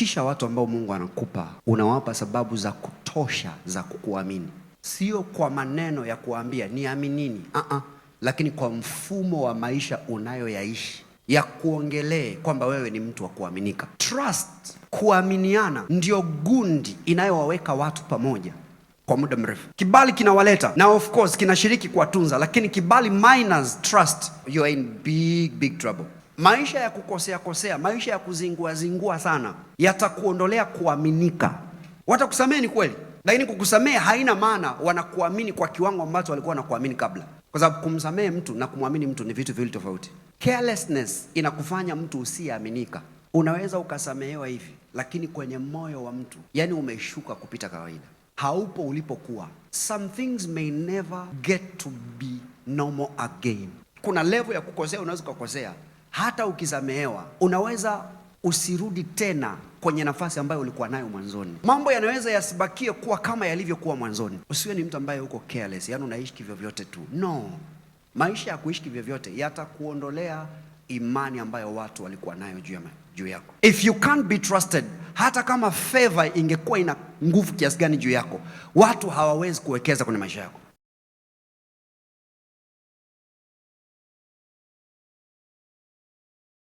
Hakikisha watu ambao Mungu anakupa unawapa sababu za kutosha za kukuamini, sio kwa maneno ya kuambia niaminini, a uh uh-uh. lakini kwa mfumo wa maisha unayoyaishi ya kuongelee kwamba wewe ni mtu wa kuaminika. Trust, kuaminiana ndio gundi inayowaweka watu pamoja kwa muda mrefu. Kibali kinawaleta na of course kinashiriki kuwatunza, lakini kibali minus trust, you are in big big trouble. Maisha ya kukosea kosea, maisha ya kuzingua zingua sana yatakuondolea kuaminika. Watakusamehe ni kweli, lakini kukusamehe haina maana wanakuamini kwa kiwango ambacho walikuwa wanakuamini kabla, kwa sababu kumsamehe mtu na kumwamini mtu ni vitu viwili tofauti. Carelessness inakufanya mtu usiaminika. Unaweza ukasamehewa hivi, lakini kwenye moyo wa mtu, yani umeshuka kupita kawaida, haupo ulipokuwa. Some things may never get to be normal again. Kuna level ya kukosea, unaweza ukakosea hata ukisamehewa unaweza usirudi tena kwenye nafasi ambayo ulikuwa nayo mwanzoni. Mambo yanaweza yasibakie kuwa kama yalivyokuwa mwanzoni. Usiwe ni mtu ambaye uko careless, yani unaishi kivyovyote tu. No, maisha ya kuishi kivyovyote yatakuondolea imani ambayo watu walikuwa nayo juu ya juu yako. If you can't be trusted, hata kama favor ingekuwa ina nguvu kiasi gani juu yako, watu hawawezi kuwekeza kwenye maisha yako.